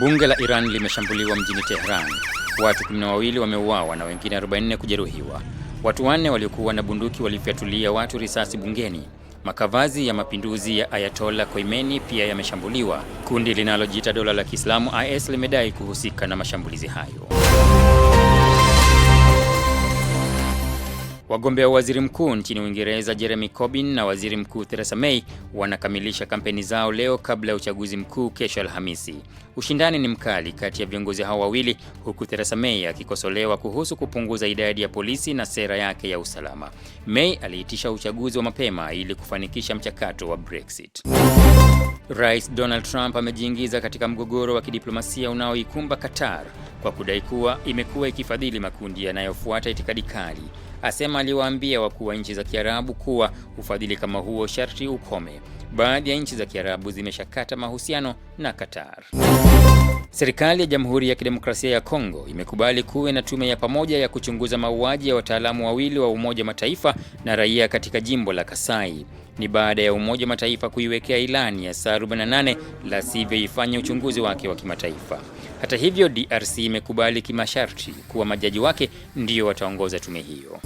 Bunge la Iran limeshambuliwa mjini Tehran. Watu 12 wameuawa na wengine 44 kujeruhiwa. Watu wanne waliokuwa na bunduki walifyatulia watu risasi bungeni. Makavazi ya mapinduzi ya Ayatollah Khomeini pia yameshambuliwa. Kundi linalojiita dola la Kiislamu IS limedai kuhusika na mashambulizi hayo. Wagombea wa waziri mkuu nchini Uingereza Jeremy Corbyn na waziri mkuu Theresa May wanakamilisha kampeni zao leo kabla ya uchaguzi mkuu kesho Alhamisi. Ushindani ni mkali kati ya viongozi hao wawili, huku Theresa May akikosolewa kuhusu kupunguza idadi ya polisi na sera yake ya usalama. May aliitisha uchaguzi wa mapema ili kufanikisha mchakato wa Brexit. Rais Donald Trump amejiingiza katika mgogoro wa kidiplomasia unaoikumba Qatar kwa kudai kuwa imekuwa ikifadhili makundi yanayofuata itikadi kali asema aliwaambia wakuu wa nchi za Kiarabu kuwa ufadhili kama huo sharti ukome. Baadhi ya nchi za Kiarabu zimeshakata mahusiano na Qatar. Serikali ya Jamhuri ya Kidemokrasia ya Kongo imekubali kuwe na tume ya pamoja ya kuchunguza mauaji ya wataalamu wawili wa Umoja wa Mataifa na raia katika jimbo la Kasai. Ni baada ya Umoja wa Mataifa kuiwekea ilani ya saa 48 la sivyo ifanye uchunguzi wake wa kimataifa. Hata hivyo, DRC imekubali kimasharti kuwa majaji wake ndio wataongoza tume hiyo.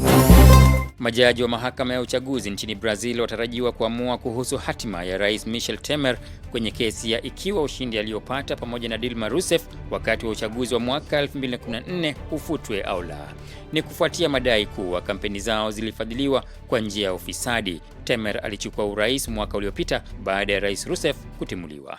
Majaji wa mahakama ya uchaguzi nchini Brazil watarajiwa kuamua kuhusu hatima ya Rais Michel Temer kwenye kesi ya ikiwa ushindi aliyopata pamoja na Dilma Rousseff wakati wa uchaguzi wa mwaka 2014 ufutwe au la. Ni kufuatia madai kuwa kampeni zao zilifadhiliwa kwa njia ya ufisadi. Temer alichukua urais mwaka uliopita baada ya Rais Rousseff kutimuliwa.